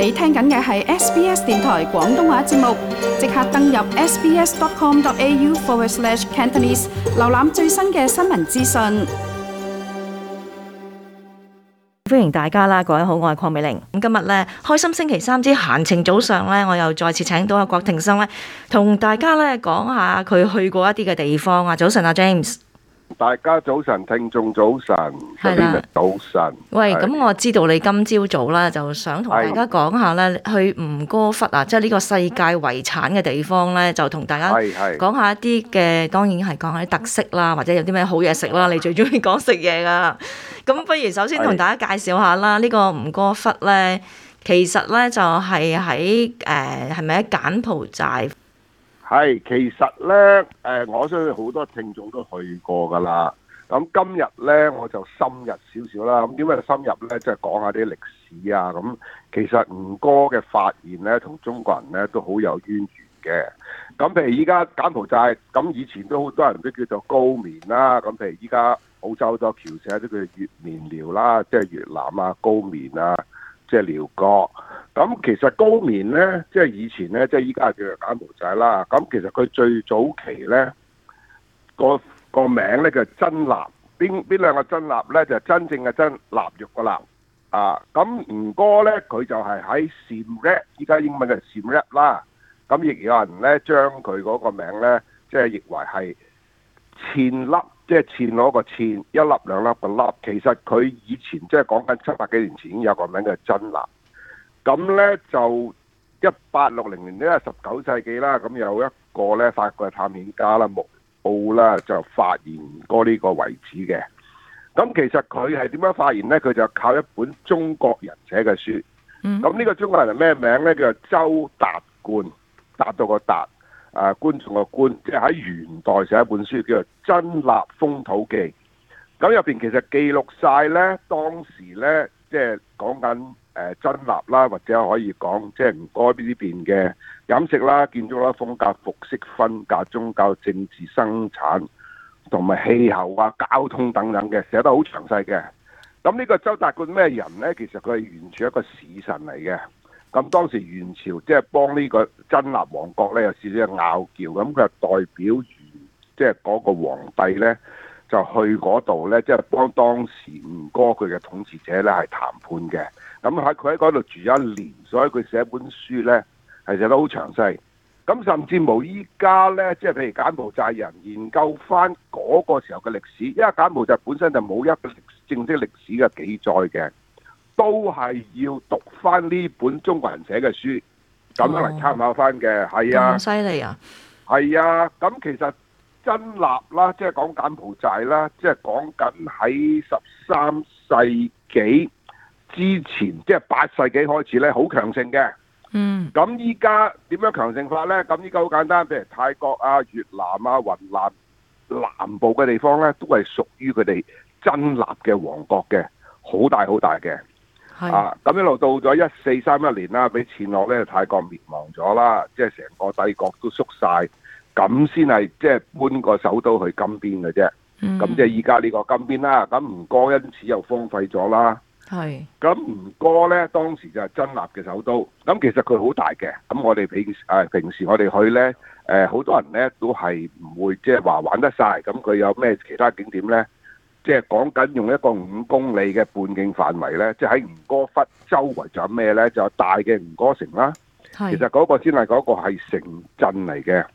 你聽緊嘅係 SBS 電台廣東話節目，即刻登入 sbs.com.au/cantonese an 瀏覽最新嘅新聞資訊。歡迎大家啦，各位好，我係鄺美玲。咁今日咧，開心星期三之閒情早上咧，我又再次請到阿郭庭生咧，同大家咧講下佢去過一啲嘅地方啊。早晨，阿 James。大家早晨，聽眾早晨，各的早晨。喂，咁我知道你今朝早啦，就想同大家講下咧，的去吳哥窟啊，即係呢個世界遺產嘅地方咧，就同大家講下一啲嘅，的當然係講下啲特色啦，或者有啲咩好嘢食啦。你最鍾意講食嘢㗎，咁 不如首先同大家介紹下啦，呢的個吳哥窟咧，其實咧就係喺誒，係咪喺柬埔寨？係，其實呢，誒，我相信好多聽眾都去過㗎啦。咁今日呢，我就深入少少啦。咁點解深入呢？即係講下啲歷史啊。咁其實吳哥嘅發現呢，同中國人呢都好有淵源嘅。咁譬如依家柬埔寨，咁以前都好多人都叫做高棉啦。咁譬如依家澳洲多僑社都叫越棉寮啦，即係越南啊，高棉啊。即係聊哥，咁其實高棉呢，即係以前呢，即係依家叫做柬埔寨啦。咁其實佢最早期呢個個名呢叫真臘，邊邊兩個真臘呢？就係真正嘅真臘肉嘅臘啊。咁吳哥呢，佢就係喺 Siem Reap，依家英文嘅 Siem Reap 啦。咁亦有人呢，將佢嗰個名呢，即係譯為係暹粒。即係錢攞個錢一粒兩粒個粒，粒，其實佢以前即係，就是，講緊七百幾年前已經有個名叫真粒。咁呢，就一八六零年，呢十九世紀啦，咁有一個呢，法國嘅探險家啦，木奧啦就發現過呢個位置嘅。咁其實佢係點樣發現呢？佢就靠一本中國人寫嘅書。嗯。咁呢個中國人係咩名呢？叫做周達觀，達到個達。誒觀眾嘅觀，即係喺元代寫一本書叫做《真臘風土記》，咁入邊其實記錄晒呢。當時呢，即係講緊誒真臘啦，或者可以講即係唔該呢邊嘅飲食啦、建築啦、風格、服飾、婚嫁、宗教、政治、生產同埋氣候啊、交通等等嘅，寫得好詳細嘅。咁呢個周達觀咩人呢？其實佢係完全一個使臣嚟嘅。咁當時元朝即係幫呢個真臘王國咧有少少拗撬，咁佢係代表元即係嗰個皇帝咧，就去嗰度咧，即係幫當時吳哥佢嘅統治者咧係談判嘅。咁喺佢喺嗰度住咗一年，所以佢寫本書咧係寫得好詳細。咁甚至無依家咧，即係譬如柬埔寨人研究翻嗰個時候嘅歷史，因為柬埔寨本身就冇一個正式歷史嘅記載嘅。都係要讀翻呢本中國人寫嘅書，咁樣嚟參考翻嘅係啊，犀利啊，係啊。咁其實真立啦，即係講柬埔寨啦，即係講緊喺十三世紀之前，即係八世紀開始咧，好強盛嘅。嗯，咁依家點樣強盛法咧？咁依家好簡單，譬如泰國啊、越南啊、雲南南部嘅地方咧，都係屬於佢哋真立嘅王國嘅，好大好大嘅。是啊，咁一路到咗一四三一年啦，俾暹羅咧泰國滅亡咗啦，即係成個帝國都縮晒。咁先係即係搬個首都去金邊嘅啫。咁、嗯、即係依家呢個金邊啦。咁吳哥因此又荒廢咗啦。係是。咁吳哥咧當時就係真臘嘅首都。咁其實佢好大嘅。咁我哋平誒平時我哋去咧誒，好、呃、多人咧都係唔會即係話玩得晒。咁佢有咩其他景點咧？即係講緊用一個五公里嘅半徑範圍咧，即係喺吳哥窟周圍仲有咩咧？就，是吳就呢就是，大嘅吳哥城啦。是其實嗰個先係嗰個係城鎮嚟嘅，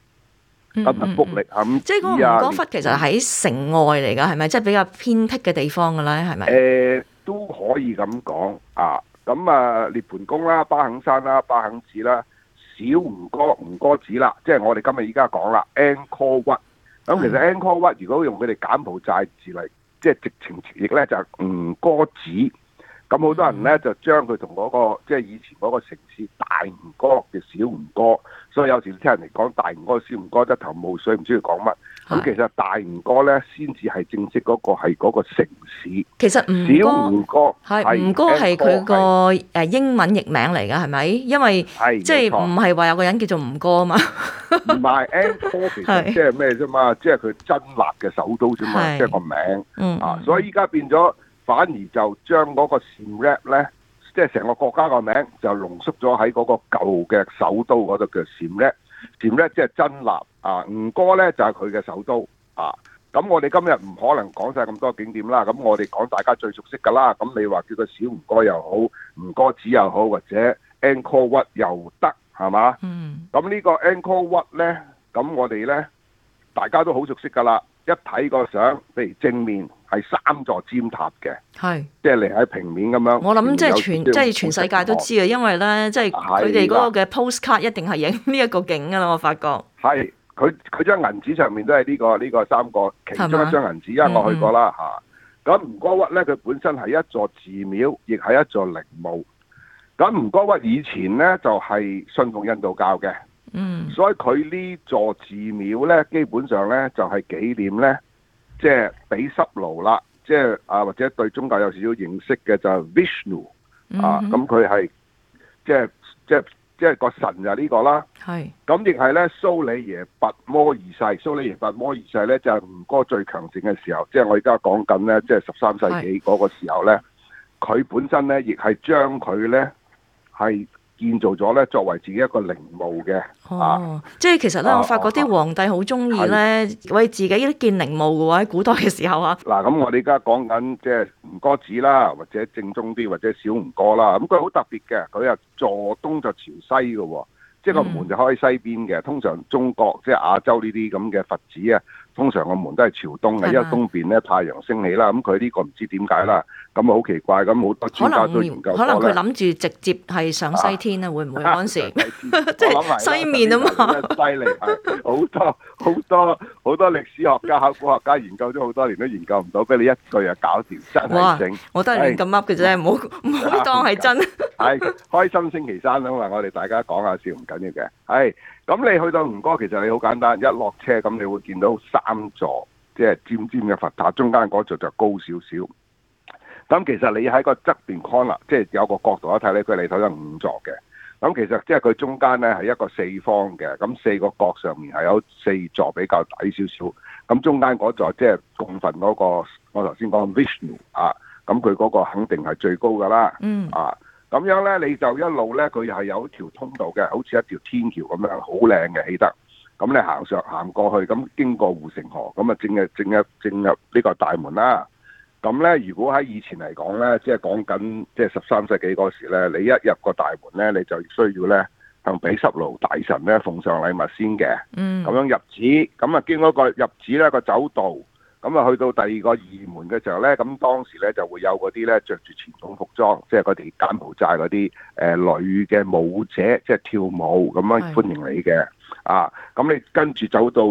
咁福利即係嗰個吳哥窟其實喺城外嚟噶，係咪？即係比較偏僻嘅地方啦，係咪？誒、欸，都可以咁講啊。咁啊，涅槃宮啦，巴肯山啦，巴肯寺啦，小吳哥、吳哥寺啦，即係我哋今日而家講啦 Angkor Wat。咁，嗯，其實 Angkor Wat 如果用佢哋柬埔寨，寨，寨字嚟。即係直情直譯咧就係吳哥寺，咁好多人咧就將佢同嗰個即係、就是、以前嗰個城市大吳哥同小吳哥，所以有時聽人哋講大吳哥、小吳哥，一頭霧水，唔知佢講乜。咁是其實大吳哥咧，先至係正式嗰、嗰個係嗰個城市。其實小吳哥係吳哥係佢個誒英文譯名嚟㗎，係咪？因為是即係唔係話有個人叫做吳哥啊嘛？唔係，Angkor 即係咩啫嘛？即係佢真立嘅首都啫嘛？即係是個名啊！嗯、所以依家變咗，反而就將嗰個閃 rap 咧，即係成個國家個名就濃縮咗喺嗰個舊嘅首都嗰度叫閃 rap。點咧，即係真臘，啊，吳哥咧就係佢嘅首都啊。咁我哋今日唔可能講晒咁多景點啦。咁我哋講大家最熟悉㗎啦。咁你話叫佢小吳哥又好，吳哥寺又好，或者 Angkor Wat 又得，係嘛？嗯。咁呢個 Angkor Wat 咧，咁我哋咧大家都好熟悉㗎啦。一睇個相，譬如正面。係三座尖塔嘅，係是即係嚟喺平面咁樣。我諗即係全即係全世界都知啊，因為咧即係佢哋嗰個嘅 postcard 一定係影呢一個景噶啦。我發覺係，佢佢張銀紙上面都係呢、這個呢、這個三個其中一張銀紙，因為我去過啦吓。咁吳、嗯啊、哥窟咧，佢本身係一座寺廟，亦係一座陵墓。咁吳哥窟以前咧就係、是、信奉印度教嘅，嗯，所以佢呢座寺廟咧，基本上咧就係紀念咧。即係比濕奴啦，即係啊或者對宗教有少少認識嘅就係 Vishnu 啊，咁佢係即係即係即係個神就係呢個啦。係咁、mm，亦係咧蘇里耶拔摩二世，蘇里耶拔摩二世咧就係吳哥最強盛嘅時候，即係我而家講緊咧，即係十三世紀嗰個時候咧，佢、mm hmm. 本身咧亦係將佢咧係。建造咗咧，作為自己一個陵墓嘅。哦，啊、即係其實咧，啊、我發覺啲皇帝好中意咧，的為自己咧建陵墓嘅喎。喺古代嘅時候啊。嗱，咁我哋而家講緊即係吳哥寺啦，或者正宗啲，或者小吳哥啦。咁佢好特別嘅，佢啊坐東就朝西嘅喎、啊，即係個門就開喺西邊嘅。嗯、通常中國即係亞洲呢啲咁嘅佛寺啊。通常個門都係朝東嘅，因為嗎東邊咧太陽升起啦，咁佢呢個唔知點解啦，咁啊好奇怪，咁好多專家都研究可能佢諗住直接係上西天啦，啊、會唔會嗰陣時？即係 西面啊嘛。犀利，好多好多好多歷史學家、考古學家研究咗好多年都研究唔到，俾你一句啊，搞掂，真係我都係亂咁 up 嘅啫，唔好唔好當係真。係、嗯、 開心星期三啦， 我哋大家講下笑唔緊要嘅。係。re pe buscando 咁你去到吳哥，其實你好簡單，一落車咁，你會見到三座即係、就是、尖尖嘅佛塔，中間嗰座就高少少。咁其實你喺個側邊 corner 即係有個角度一睇咧，佢你睇有五座嘅。咁其實即係佢中間咧係一個四方嘅，咁四個角上面係有四座比較矮少少。咁中間嗰座即係供奉嗰個，我頭先講 Vishnu 啊，咁佢嗰個肯定係最高噶啦。啊、嗯。咁樣呢，你就一路呢，佢係有條通道嘅，好似一條天橋咁樣，好靚嘅起得。咁你行上行過去，咁經過護城河，咁啊正，正，正入正入正入呢個大門啦。咁呢，如果喺以前嚟講呢，就是、即係講緊即係十三世紀嗰時咧，你一入個大門呢，你就需要呢，向毗濕奴大神呢奉上禮物先嘅。嗯。咁樣入寺，咁啊經嗰個入寺呢個走道。咁啊，去到第二個二門嘅時候呢，咁當時呢就會有嗰啲呢着住傳統服裝，即係嗰啲柬埔寨嗰啲誒女嘅舞者，即係跳舞咁樣歡迎你嘅。的啊，咁你跟住走到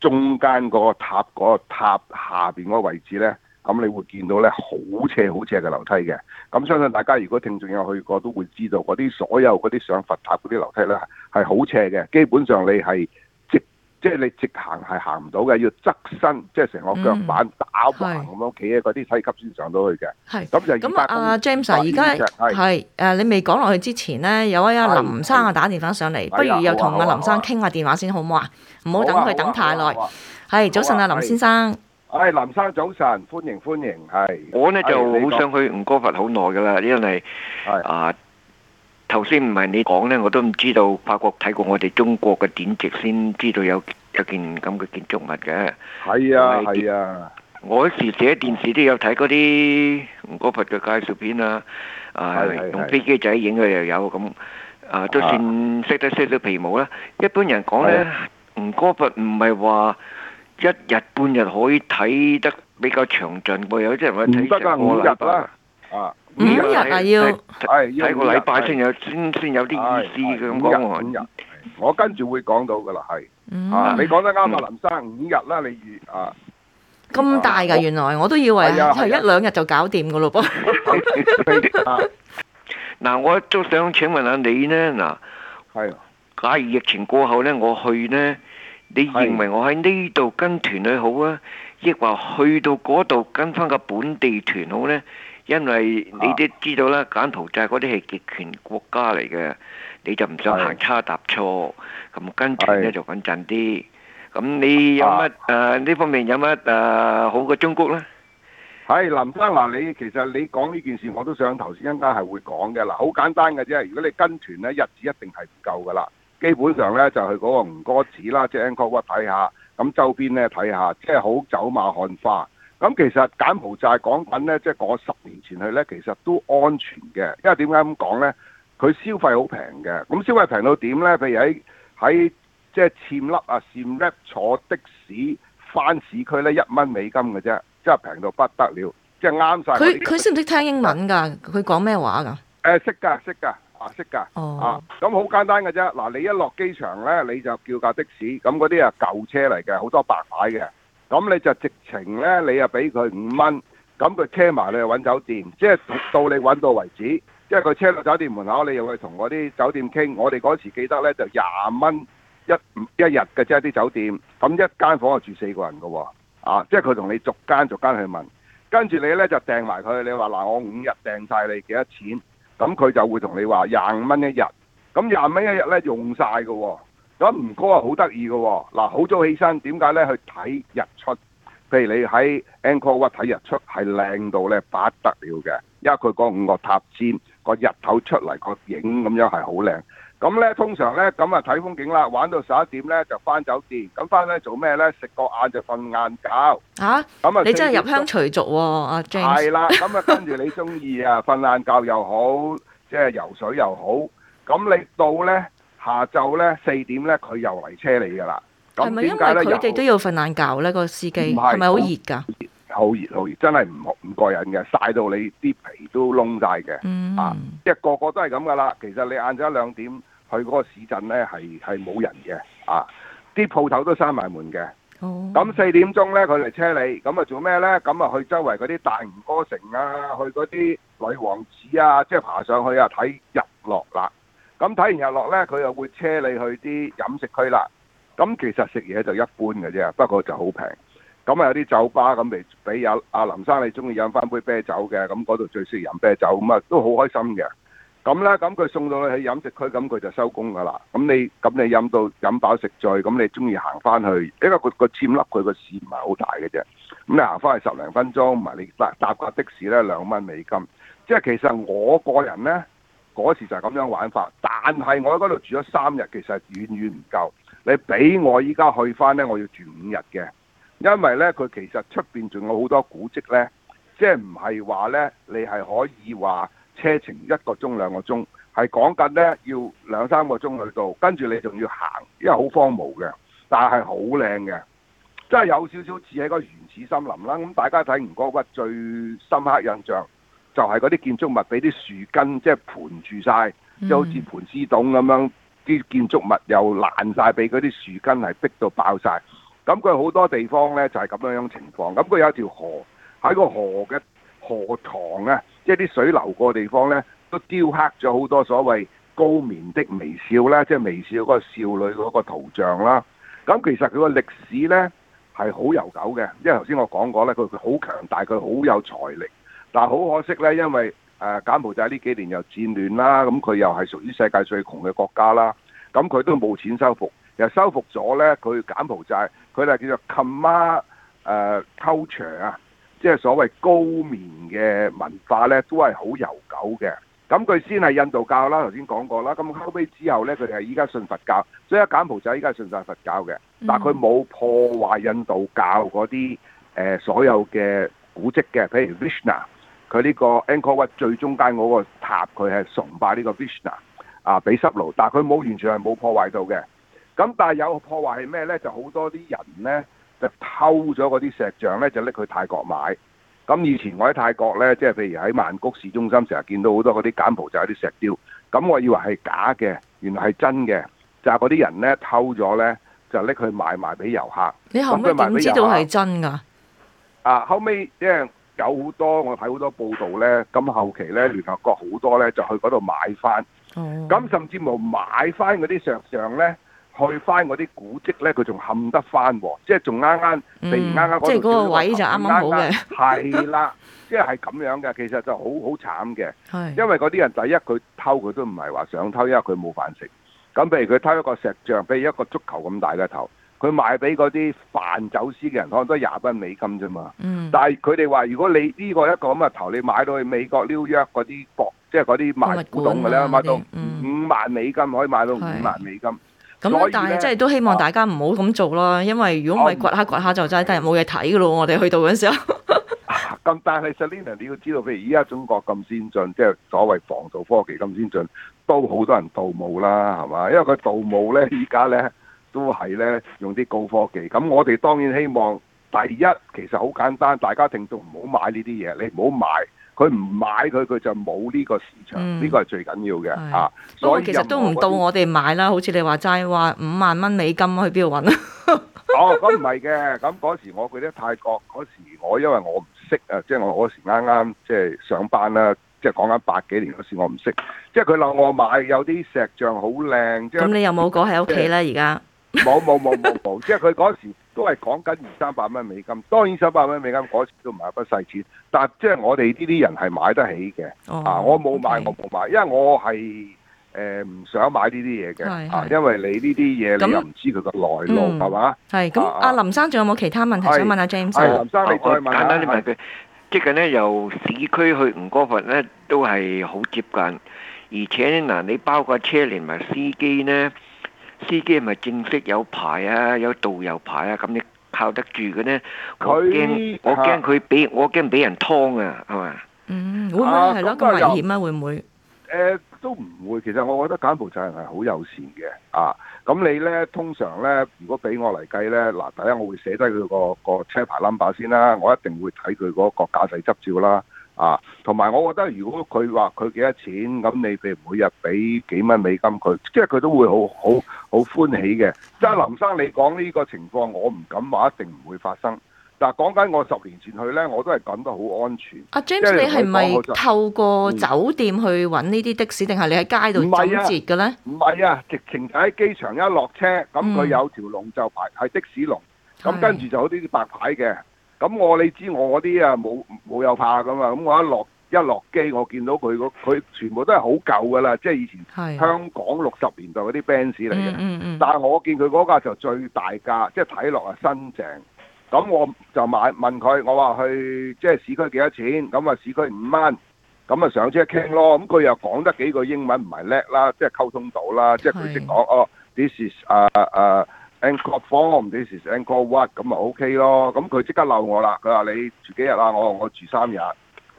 中間嗰個塔嗰、嗰個塔下邊嗰個位置呢，咁你會見到呢好斜好斜嘅樓梯嘅。咁相信大家如果聽眾有去過，都會知道嗰啲所有嗰啲上佛塔嗰啲樓梯呢係好斜嘅，基本上你係。即係你直行係行唔到嘅，要側身，即係成個腳板打橫咁樣企喺嗰啲梯級先上到去嘅。係咁就咁啊，阿 James，而家係誒你未講落去之前咧，有位阿林生啊打電話上嚟，不如又同阿林生傾下電話先好冇啊？唔好等佢等太耐。係，早晨啊，林先生。誒，林生早晨，歡迎歡迎。係我呢就好想去吳哥窟好耐㗎啦，因為啊～頭先唔係你講呢，我都唔知道。法國睇過我哋中國嘅典籍先知道有有件咁嘅建築物嘅。係啊，係是啊。我時時喺電視都有睇嗰啲吳哥窟嘅介紹片啦。啊，啊用飛機仔影嘅又有咁，嗯啊。都算識得些少皮毛啦，啊。一般人講呢，啊、吳哥窟唔係話一日半日可以睇得比較詳盡嘅，有啲人話睇成個禮拜。啊。啊五日啊！要係要個禮拜先有先先有啲意思嘅。五日五日，我跟住會講到噶啦，係啊！你講得啱啊，林生，五日啦，你啊，咁大噶原來，我都以為係一兩日就搞掂噶咯噃。嗱，我都想請問下你呢。嗱，係假如疫情過後呢，我去呢，你認為我喺呢度跟團去好啊，亦或去到嗰度跟翻個本地團好呢？因為你都知道啦，柬埔寨嗰啲係極權國家嚟嘅，你就唔想行差踏錯，咁的跟團呢就穩陣啲。咁的你有乜誒呢方面有乜誒好嘅中國呢？係林生，嗱，你其實你講呢件事，我都想頭先一間係會講嘅嗱，好簡單嘅啫。如果你跟團呢，日子一定係唔夠噶啦。基本上呢，就去、是、嗰個吳哥寺啦，即係 Angkor 睇下，咁周邊呢，睇下，即係好走馬看花。咁其實柬埔寨港品咧，即係過十年前去咧，其實都安全嘅。因為點解咁講咧？佢消費好平嘅。咁、嗯、消費平到點咧？譬如喺喺即係暹粒啊、暹 Reap 坐的士返市區咧，一蚊美金嘅啫，即係平到不得了，即係啱晒。佢佢識唔識聽英文㗎？佢講咩話㗎？誒識㗎，識㗎，啊識㗎。哦。咁好、啊、簡單嘅啫。嗱，你一落機場咧，你就叫架的士。咁嗰啲啊舊車嚟嘅，好多白牌嘅。咁你就直情咧，你就俾佢五蚊，咁佢車埋你去揾酒店，即係到你揾到為止，即係佢車到酒店門口，你又去同嗰啲酒店傾。我哋嗰時記得咧就廿五蚊一一日嘅，即係啲酒店，咁一間房就住四個人嘅喎，啊，即係佢同你逐間逐間去問，跟住你咧就訂埋佢，你話嗱我五日訂晒你幾多錢，咁佢就會同你話廿五蚊一日，咁廿五蚊一日咧用晒嘅喎。咁吳哥啊，好得意嘅，嗱，好早起身，點解咧？去睇日出，譬如你喺 Angkor Wat 睇日出，係靚到咧不得了嘅，因為佢嗰五個塔尖個日頭出嚟個影咁樣係好靚。咁咧通常咧咁啊睇風景啦，玩到十一點咧就返酒店，咁返咧做咩咧？食個晏就瞓晏覺。嚇！咁啊，樣你真係入鄉隨俗喎、啊，阿 Jing 係啦，咁啊 跟住你中意啊瞓晏覺又好，即係游水又好，咁你到咧。下晝咧四點咧，佢又嚟車你噶啦。係咪因為佢哋都要瞓眼覺咧？個司機係咪好熱㗎？好熱好熱，真係唔唔過癮嘅，曬到你啲皮都燶晒嘅。嗯、啊，即係個個都係咁噶啦。其實你晏咗一兩點去嗰個市鎮咧，係係冇人嘅。啊，啲鋪頭都閂埋門嘅。哦。咁四點鐘咧，佢嚟車你，咁啊做咩咧？咁啊去周圍嗰啲大吳哥城啊，去嗰啲女王寺啊，即係爬上去啊睇日落啦。咁睇完日落呢，佢又會車你去啲飲食區啦。咁其實食嘢就一般嘅啫，不過就好平。咁啊有啲酒吧咁嚟俾有阿林生你中意飲翻杯啤酒嘅，咁嗰度最適飲啤酒，咁啊都好開心嘅。咁呢，咁佢送到你去飲食區，咁佢就收工噶啦。咁你咁你飲到飲飽食醉，咁你中意行翻去，因為佢個暹粒佢個市唔係好大嘅啫。咁你行翻去十零分鐘，唔係你搭搭架的士呢，兩蚊美金。即係其實我個人呢。嗰時就係咁樣玩法，但係我喺嗰度住咗三日，其實係遠遠唔夠。你俾我依家去返呢，我要住五日嘅，因為呢，佢其實出邊仲有好多古蹟呢。即係唔係話呢，你係可以話車程一個鐘兩個鐘，係講緊呢要兩三個鐘去到，跟住你仲要行，因為好荒蕪嘅，但係好靚嘅，真係有少少似喺個原始森林啦。咁大家睇吳哥窟最深刻印象。就係嗰啲建築物俾啲樹根即係盤住晒，即係、嗯、好似盤絲洞咁樣。啲建築物又爛晒，俾嗰啲樹根係逼到爆晒。咁佢好多地方呢，就係、是、咁樣樣情況。咁佢有一條河喺個河嘅河床啊，即係啲水流過嘅地方呢，都雕刻咗好多所謂高棉的微笑啦，即、就、係、是、微笑嗰個少女嗰個圖像啦。咁其實佢個歷史呢，係好悠久嘅，因為頭先我講過呢，佢佢好強大，佢好有財力。但好可惜咧，因為誒柬埔寨呢幾年又戰亂啦，咁佢又係屬於世界最窮嘅國家啦，咁佢都冇錢修復。又修復咗咧，佢柬埔寨佢哋叫做 Khmer Culture 啊，即係所謂高棉嘅文化咧，都係好悠久嘅。咁佢先係印度教啦，頭先講過啦。咁後尾之後咧，佢哋係依家信佛教，所以柬埔寨依家信晒佛教嘅，但佢冇破壞印度教嗰啲誒所有嘅古蹟嘅，譬如 Vishnu。佢呢個 Angkor 嘅最中間嗰個塔，佢係崇拜呢個 Vishnu 啊毗濕奴，但係佢冇完全係冇破壞到嘅。咁但係有破壞係咩呢？就好多啲人呢，就偷咗嗰啲石像呢，就拎去泰國買。咁、嗯、以前我喺泰國呢，即係譬如喺曼谷市中心，成日見到好多嗰啲柬埔寨啲石雕。咁、嗯、我以為係假嘅，原來係真嘅。就係嗰啲人呢，偷咗呢，就拎去買賣俾遊客。你後屘點知道係真㗎？啊，後尾。即係。有好多，我睇好多報道咧，咁後期咧，聯合國好多咧就去嗰度買翻。咁、嗯、甚至乎買翻嗰啲石像咧，去翻嗰啲古蹟咧，佢仲冚得翻喎，即係仲啱啱地啱啱嗰度。即係嗰個位就啱啱好嘅。係 啦，即係係咁樣嘅，其實就好好慘嘅，因為嗰啲人第一佢偷，佢都唔係話想偷，因為佢冇飯食。咁譬如佢偷一個石像，譬如一個足球咁大嘅頭。佢賣俾嗰啲犯走私嘅人，可能都係廿蚊美金啫嘛。嗯、但係佢哋話：如果你呢個一個咁嘅頭，你買到去美國紐約嗰啲股，即係嗰啲賣古董嘅咧，買到五萬美金，嗯、可以買到五萬美金。咁的以但係即係都希望大家唔好咁做咯，嗯、因為如果唔係掘下掘下就真係冇嘢睇嘅咯。我哋去到嗰陣時候。咁、 啊、但係 Selina，你要知道，譬如依家中國咁先進，即係所謂防盜科技咁先進，都好多人盜墓啦，係嘛？因為佢盜墓咧，依家咧。都係咧，用啲高科技。咁我哋當然希望第一，其實好簡單，大家聽到唔好買呢啲嘢，你唔好買佢，唔買佢佢就冇呢個市場，呢、嗯、個係最緊要嘅啊。是所以其實都唔到我哋買啦，好似你話齋話五萬蚊美金去邊度揾啊？ 哦，咁唔係嘅，咁嗰時我去得泰國嗰時我，我因為我唔識啊，即、就、係、是、我嗰時啱啱即係上班啦，即係講緊百幾年嗰時我唔識，即係佢諗我買有啲石像好靚。咁、就是、你有冇攞喺屋企咧？而家冇冇冇冇冇！即係佢嗰時都係講緊二三百蚊美金，當然三百蚊美金嗰時都唔係一筆細錢。但即係我哋呢啲人係買得起嘅。啊，我冇買，我冇買，因為我係誒唔想買呢啲嘢嘅。啊，因為你呢啲嘢你又唔知佢個來路係嘛？係咁，阿林生仲有冇其他問題想問下 James？林生，你再簡單啲問佢。即係呢，由市區去吳哥佛呢，都係好接近，而且咧嗱，你包括車連埋司機呢。司機係咪正式有牌啊？有導遊牌啊？咁你靠得住嘅呢？我驚他我驚佢俾我驚俾人劏啊，係咪？嗯，會唔會係咯？咁危險啊？會唔會？誒、呃，都唔會。其實我覺得柬埔寨人係好友善嘅啊。咁你呢，通常呢，如果俾我嚟計呢，嗱、啊，第一我會寫低佢個個車牌 number 先啦。我一定會睇佢嗰個駕駛執照啦。啊，同埋我覺得，如果佢話佢幾多錢，咁你譬如每日俾幾蚊美金佢，即係佢都會好好好歡喜嘅。即係林生你講呢個情況，我唔敢話一定唔會發生。但係講緊我十年前去呢，我都係講得好安全。阿、啊、James，你係咪、就是、透過酒店去揾呢啲的士，定係、嗯、你喺街度截嘅呢？唔係啊，啊，直情喺機場一落車，咁佢、嗯、有條龍就排係的士龍，咁的跟住就好啲白牌嘅。咁我你知我嗰啲啊，冇冇又怕噶嘛，咁我一落一落機，我見到佢佢全部都係好舊噶啦，即係以前香港六十年代嗰啲 Benz 嚟嘅、嗯。嗯嗯、但係我見佢嗰架就最大架，即係睇落係新淨。咁我就買問佢，我話去即係市區幾多錢？咁啊市區五蚊，咁啊上車傾咯。咁佢、嗯嗯、又講得幾句英文唔係叻啦，即係溝通到啦，即係佢識講哦。This is 啊啊。n call form 唔知時，call what 咁咪 OK 咯，咁佢即刻鬧我啦。佢話你住幾日啊？我我住三日。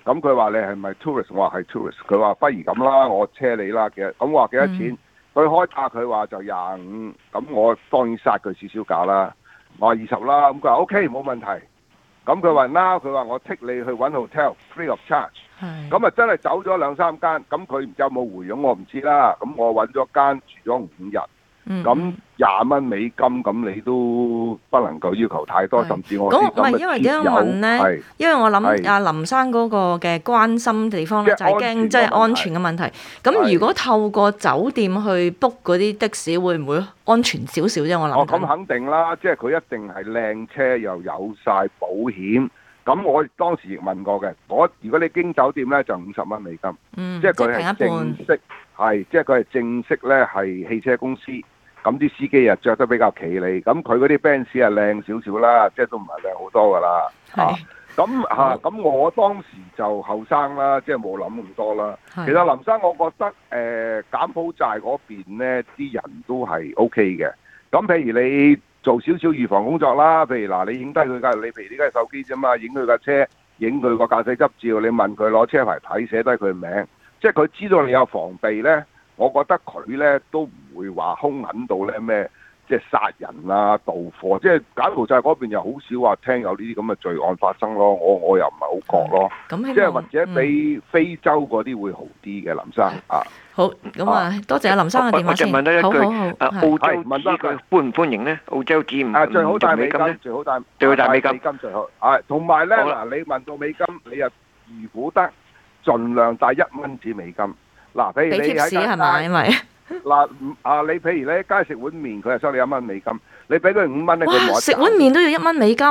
咁佢話你係咪 tourist？我話係 tourist。佢話不如咁啦，我車你啦。其實咁我話幾多錢？佢、嗯、開價，佢話就廿五。咁我當然殺佢少少價啦。我話二十啦。咁佢話 OK，冇問題。咁佢話 no，w 佢話我 take 你去揾 hotel free of charge。咁啊是真係走咗兩三間。咁佢唔知有冇回傭，我唔知啦。咁我揾咗間住咗五日。嗯，咁廿蚊美金咁你都不能夠要求太多，甚至我咁唔係因為點樣問咧？因為我諗阿林生嗰個嘅關心地方咧，就係驚即係安全嘅問題。咁如果透過酒店去 book 嗰啲的士，會唔會安全少少啫？我諗哦，咁肯定啦，即係佢一定係靚車又有晒保險。咁我當時亦問過嘅，我如果你經酒店咧，就五十蚊美金。嗯，即係佢係正式，平一半，係即係佢係正式咧，係汽車公司。咁啲司機啊，着得比較企理，咁佢嗰啲 Benz 啊靚少少啦，即係都唔係靚好多噶啦。係是，咁嚇咁我當時就後生啦，即係冇諗咁多啦。是其實林生，我覺得誒、呃，柬埔寨嗰邊咧啲人都係 OK 嘅。咁譬如你做少少預防工作啦，譬如嗱，你影低佢架，你譬如呢咁手機啫嘛，影佢架車，影佢個駕駛執照，你問佢攞車牌睇，寫低佢名，即係佢知道你有防備呢。我覺得佢咧都唔會話兇狠到咧咩，即係殺人啊盜貨，即係柬埔寨嗰邊又好少話聽有呢啲咁嘅罪案發生咯。我我又唔係好覺咯，嗯、即係或者比非洲嗰啲會好啲嘅，林生啊。好，咁啊，多謝阿林生嘅電話先。好好一句：澳洲問呢句歡唔歡迎呢？澳洲紙唔唔做美金最好帶美金，最好帶最好帶美，美金最好。係，同埋咧嗱，呢的你問到美金，你又如果得，儘量帶一蚊紙美金。嗱，譬如你喺街，嗱 啊，你譬如咧，街食碗麵，佢就收你一蚊美金，你俾佢五蚊，你佢攞。哇！食碗麵都要一蚊美金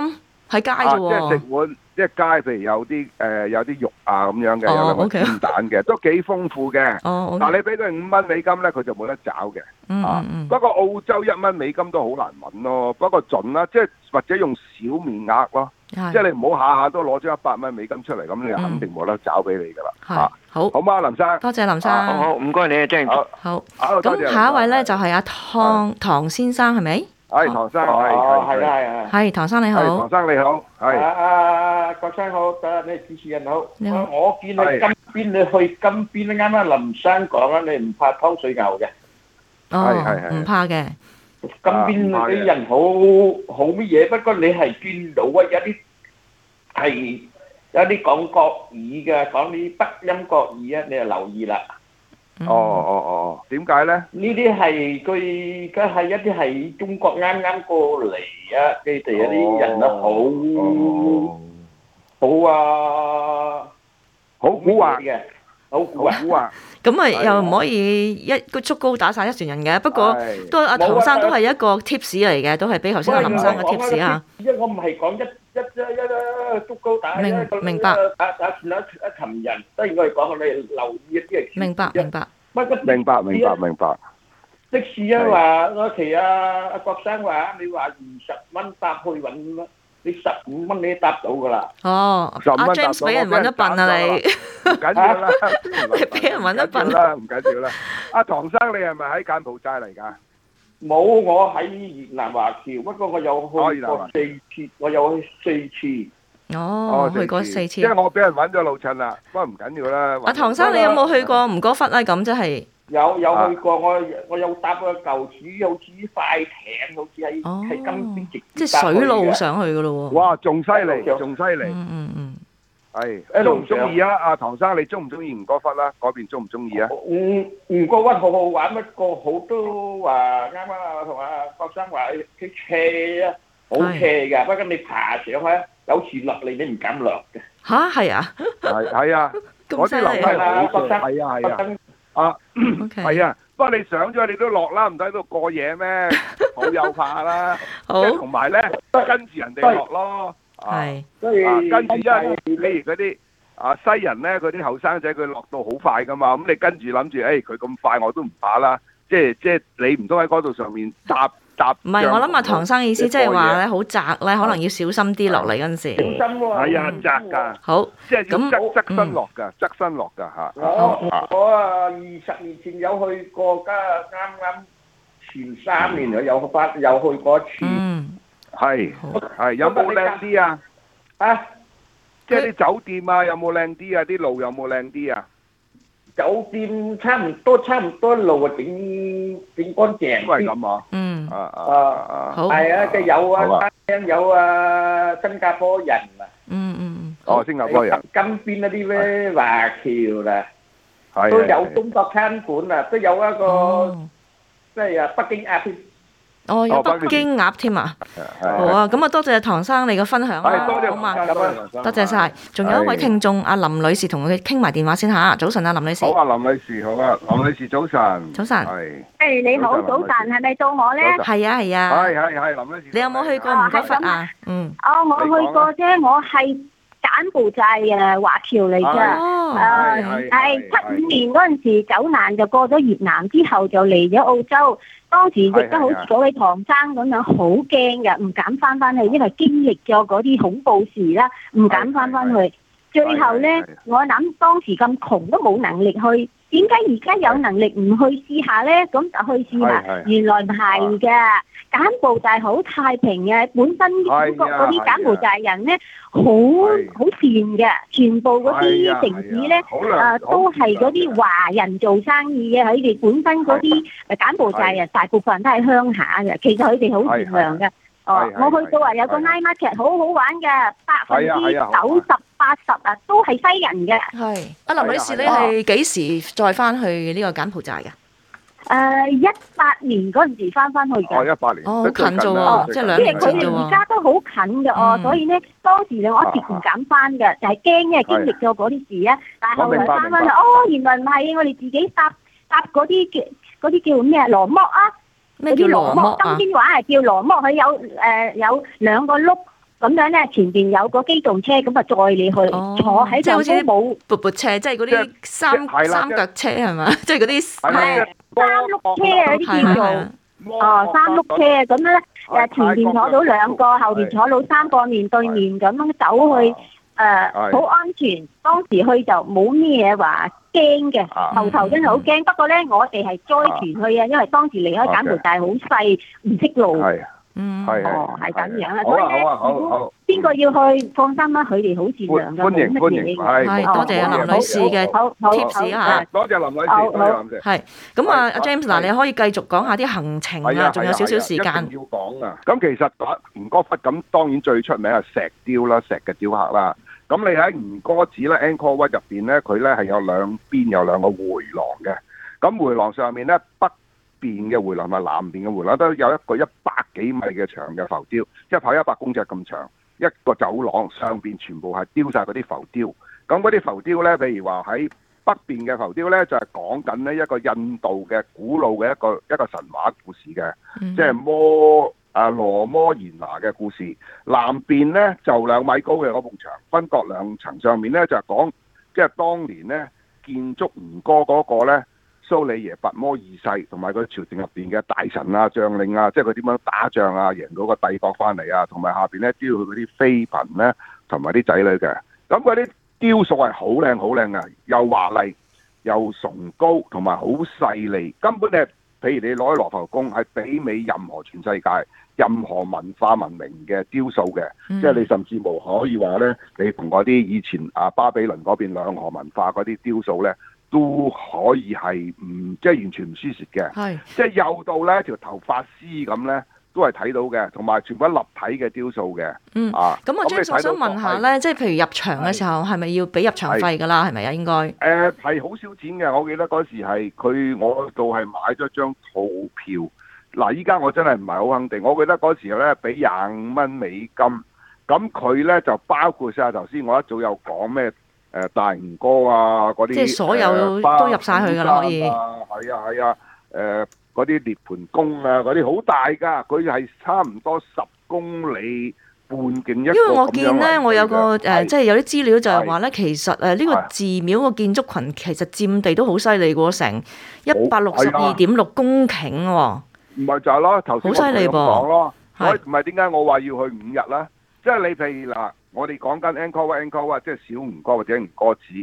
喺街食，啊，即係、碗。即係街，譬如有啲誒有啲肉啊咁樣嘅，有啲蛋嘅，都幾豐富嘅。哦，O K。但係你俾佢五蚊美金咧，佢就冇得找嘅。嗯嗯。不過澳洲一蚊美金都好難揾咯，不過盡啦，即係或者用小面額咯。係。即係你唔好下下都攞張一百蚊美金出嚟，咁你肯定冇得找俾你㗎啦。係。好。好嘛，林生，多謝林生。好，唔該你啊，好。咁下一位咧就係阿湯唐先生，係咪？係唐生，係係係，係唐生你好，唐生你好，係啊啊，郭生好，啊你主持人好，你好，我見你金邊你去金邊，啱啱林生講啦，你唔怕湯水牛嘅？哦，唔怕嘅，金邊啲人好好乜嘢，不過你係見到啊，有啲係有啲講國語嘅，講啲北音國語啊，你就留意啦。哦哦哦哦，點解咧？呢啲係佢而家係一啲係中國啱啱過嚟啊！你哋有啲人啊，好好啊，好古惑嘅，好古惑古惑。咁啊，又唔可以一個竹篙打曬一船人嘅。不過都阿唐生都係一個 tips 嚟嘅，都係比頭先阿林生嘅 tips 啊。因為我唔係講一。一一一足高打一咁啦，打打算一一羣人，所以我哋講我哋留意一啲嘅事。明白明白，明白明白明白。即使呀話阿奇阿阿郭生話：你話二十蚊搭去揾，你十五蚊你搭到噶啦。哦，十五蚊搭到，唔緊要啦。唔緊要啦，唔緊要啦。阿唐生，你係咪喺柬埔寨嚟噶？冇，我喺越南華僑。不過我有去過四次，我有去四次。哦，去過四次。即係我俾人搵咗老襯啦，不過唔緊要啦。阿唐生，你有冇去過吳哥窟啊？咁即係。有有去過，我我有搭過舊船，好似快艇，好似喺係金邊直。即係水路上去噶咯喎。哇，仲犀利，仲犀利。嗯嗯嗯。係，誒，中唔中意啊？阿唐生，你中唔中意吳哥窟啦？嗰邊中唔中意啊？嗯，吳哥窟好好玩，不過好多話啱啱啊，同阿郭生話啲斜啊，好斜嘅，不過你爬上去有時落嚟你唔敢落嘅。嚇，係啊？係係啊？咁犀利啊！係啊係啊，啊，係啊，不過你上咗你都落啦，唔使喺度過夜咩？好有怕啦，即係同埋咧都跟住人哋落咯。係，所以跟住即係，譬如嗰啲啊西人咧，嗰啲後生仔佢落到好快噶嘛，咁你跟住諗住，誒佢咁快我都唔怕啦，即係即係你唔通喺嗰度上面搭搭。唔係，我諗啊，唐生嘅意思即係話咧，好窄咧，可能要小心啲落嚟嗰陣時。真喎，係啊，窄㗎，好。即係咁側身落㗎，側身落㗎嚇。我啊我啊二十年前有去過，家啱啱前三年有翻有去過一次。係係有冇靚啲啊？啊，即係啲酒店啊，有冇靚啲啊？啲路有冇靚啲啊？酒店差唔多，差唔多路啊，整整乾淨啲。都係咁啊！嗯啊啊啊，好係啊，即係有啊，有啊，新加坡人啊，嗯嗯嗯，哦，新加坡人，金邊嗰啲咩華僑啦，係都有中國餐館啦，都有一個即係啊，北京啊。哦，有北京鴨添啊！好啊，咁啊，多謝唐生你嘅分享啦，好嘛？多謝晒，仲有一位聽眾阿林女士同佢傾埋電話先嚇，早晨啊，林女士。好啊，林女士，好啊，林女士，早晨。早晨。係。誒，你好，早晨，係咪到我咧？係啊，係啊。係係係，林女士。你有冇去過吳哥窟啊？嗯。哦，我去過啫，我係。柬埔寨誒華僑嚟㗎，誒係七五年嗰陣時走難就過咗越南，之後就嚟咗澳洲，當時亦都好似嗰位唐生咁樣好驚嘅，唔敢翻翻去，因為經歷咗嗰啲恐怖事啦，唔敢翻翻去。最後呢，我諗當時咁窮都冇能力去，點解而家有能力唔去試下呢？咁就去試啦，原來唔係㗎。柬埔寨好太平嘅，本身英國嗰啲柬埔寨人咧，好好善嘅，全部嗰啲城市咧，啊都係嗰啲華人做生意嘅，佢哋本身嗰啲柬埔寨人大部分都係鄉下嘅，其實佢哋好善良嘅。哦，我去到啊，有個 night market 好好玩嘅，百分之九十八十啊，都係西人嘅。係啊，阿林女士，你係幾時再翻去呢個柬埔寨嘅？誒，一八年嗰陣時翻翻去嘅，一八年好近咗哦，即係佢哋而家都好近嘅哦，所以咧當時我一直唔敢翻嘅，就係驚因為經歷咗嗰啲事啊，但係後來翻翻就哦，原來唔係我哋自己搭搭嗰啲嘅啲叫咩羅莫啊，咩叫羅莫啊？金邊話係叫羅莫，佢有誒有兩個碌。咁樣咧，前邊有個機動車，咁啊載你去坐喺上高冇駁駁車，即係嗰啲三三腳車係嘛，即係嗰啲三碌車啊，嗰啲叫做哦三碌車，咁樣咧誒前邊坐到兩個，後邊坐到三個，面對面咁樣走去誒，好安全。當時去就冇咩嘢話驚嘅，後頭真係好驚。不過咧，我哋係載團去啊，因為當時離開柬埔寨好細，唔識路。嗯，係係係咁樣啊！所以咧，如果邊個要去，放心啦，佢哋好似樣嘅，歡迎歡迎。係多謝啊，林女士嘅 tips 嚇。多謝林女士，多謝。係咁啊，阿 James 嗱，你可以繼續講下啲行程啊，仲有少少時間。一定要講啊！咁其實吳哥窟咁，當然最出名係石雕啦、石嘅雕刻啦。咁你喺吳哥寺咧，Angkor Wat 入邊咧，佢咧係有兩邊有兩個迴廊嘅。咁迴廊上面咧北邊嘅迴廊咪南邊嘅迴廊都有一個一百幾米嘅長嘅浮雕，即係跑一百公尺咁長一個走廊，上邊全部係雕晒嗰啲浮雕。咁嗰啲浮雕呢，譬如話喺北邊嘅浮雕呢，就係講緊呢一個印度嘅古老嘅一個一個神話故事嘅，即係、嗯、摩啊羅摩衍那嘅故事。南邊呢，就兩米高嘅嗰埲牆，分隔兩層，上面呢，就係講即係當年呢，建築吳哥嗰個呢。蘇里耶、跋摩二世同埋啲朝政入邊嘅大臣啊、將領啊，即係佢點樣打仗啊、贏到個帝國翻嚟啊，同埋下邊咧雕佢啲妃嬪咧同埋啲仔女嘅。咁嗰啲雕塑係好靚好靚啊，又華麗又崇高，同埋好細膩。根本咧，譬如你攞去羅浮宮，係媲美任何全世界任何文化文明嘅雕塑嘅。嗯、即係你甚至無可以話咧，你同嗰啲以前啊巴比倫嗰邊兩河文化嗰啲雕塑咧。都可以係唔，即係完全唔輸蝕嘅，是即係幼到咧一條頭髮絲咁咧，都係睇到嘅，同埋全部都立體嘅雕塑嘅。嗯，咁啊張想問下咧，即係譬如入場嘅時候係咪是要俾入場費㗎啦？係咪啊？應該誒係好少錢嘅，我記得嗰時係佢我度係買咗張套票。嗱，依家我真係唔係好肯定，我記得嗰時咧俾廿五蚊美金，咁佢咧就包括晒頭先我一早有講咩？誒大吳哥啊，嗰啲即係所有都入晒去噶啦，可以。啊，係啊係啊，誒嗰啲涅盤宮啊，嗰啲好大噶，佢係差唔多十公里半徑一。因為我見咧，我有個誒，即係有啲資料就係話咧，其實誒呢個寺廟個建築群其實佔地都好犀利嘅成一百六十二點六公頃喎。唔係就係咯，頭先好咁講咯。係唔係點解我話要去五日咧？即係你譬如嗱。我哋講緊 Encore Encore 啊，即係小吳哥或者吳哥寺，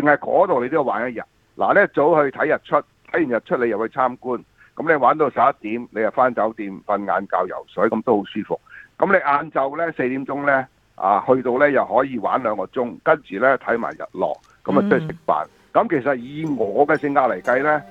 淨係嗰度你都要玩一日。嗱，一早去睇日出，睇完日出你又去參觀，咁你玩到十一點，你又翻酒店瞓晏覺、游水，咁都好舒服。咁你晏晝呢，四點鐘呢，啊，去到呢又可以玩兩個鐘，跟住呢，睇埋日落，咁啊即係食飯。咁，嗯，其實以我嘅性格嚟計呢，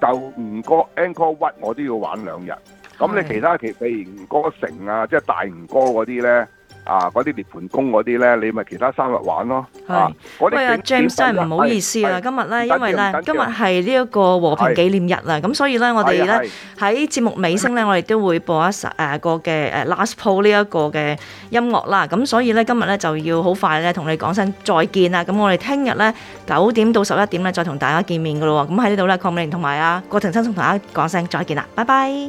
就吳哥 Encore One 我都要玩兩日。咁你其他其譬如吳哥城啊，即係大吳哥嗰啲呢。啊！嗰啲列盤工嗰啲咧，你咪其他三日玩咯。係，喂，阿 James 真係唔好意思啦，今日咧，因為咧，今日係呢一個和平紀念日啦，咁所以咧，我哋咧喺節目尾聲咧，我哋都會播一誒個嘅誒 Last Post 呢一個嘅音樂啦。咁所以咧，今日咧就要好快咧同你講聲再見啦。咁我哋聽日咧九點到十一點咧再同大家見面噶咯。咁喺呢度咧，鄺美玲同埋啊郭庭生同大家講聲再見啦，拜拜。